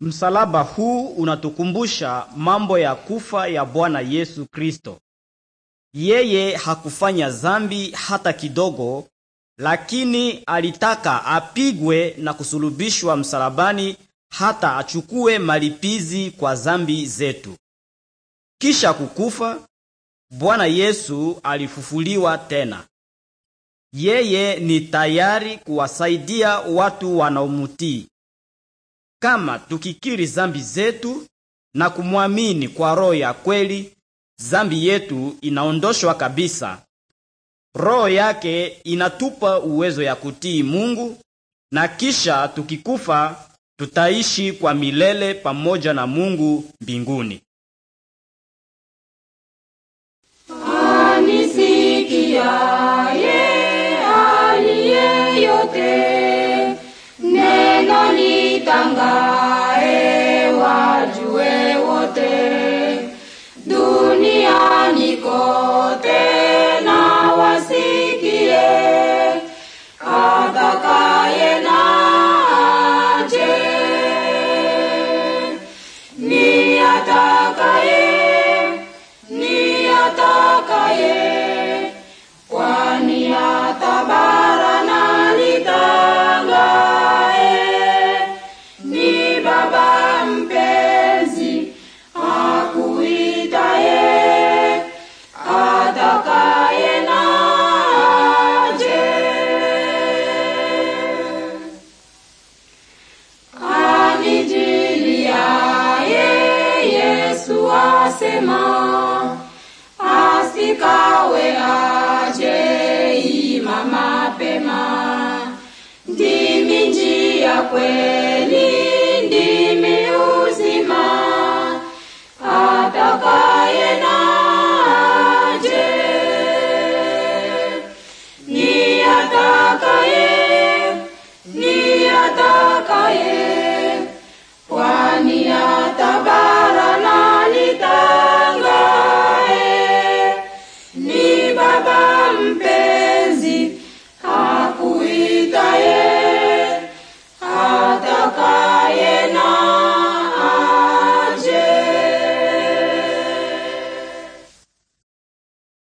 Msalaba huu unatukumbusha mambo ya kufa ya Bwana Yesu Kristo. Yeye hakufanya zambi hata kidogo, lakini alitaka apigwe na kusulubishwa msalabani hata achukue malipizi kwa zambi zetu. Kisha kukufa, Bwana Yesu alifufuliwa tena. Yeye ni tayari kuwasaidia watu wanaomutii kama tukikiri zambi zetu na kumwamini kwa roho ya kweli, zambi yetu inaondoshwa kabisa. Roho yake inatupa uwezo ya kutii Mungu, na kisha tukikufa tutaishi kwa milele pamoja na Mungu mbinguni. Anisikiaye aliye yote neno Gangga. Yesu asema, asikawe aje ima mapema, ndimi njia kweli, ndimi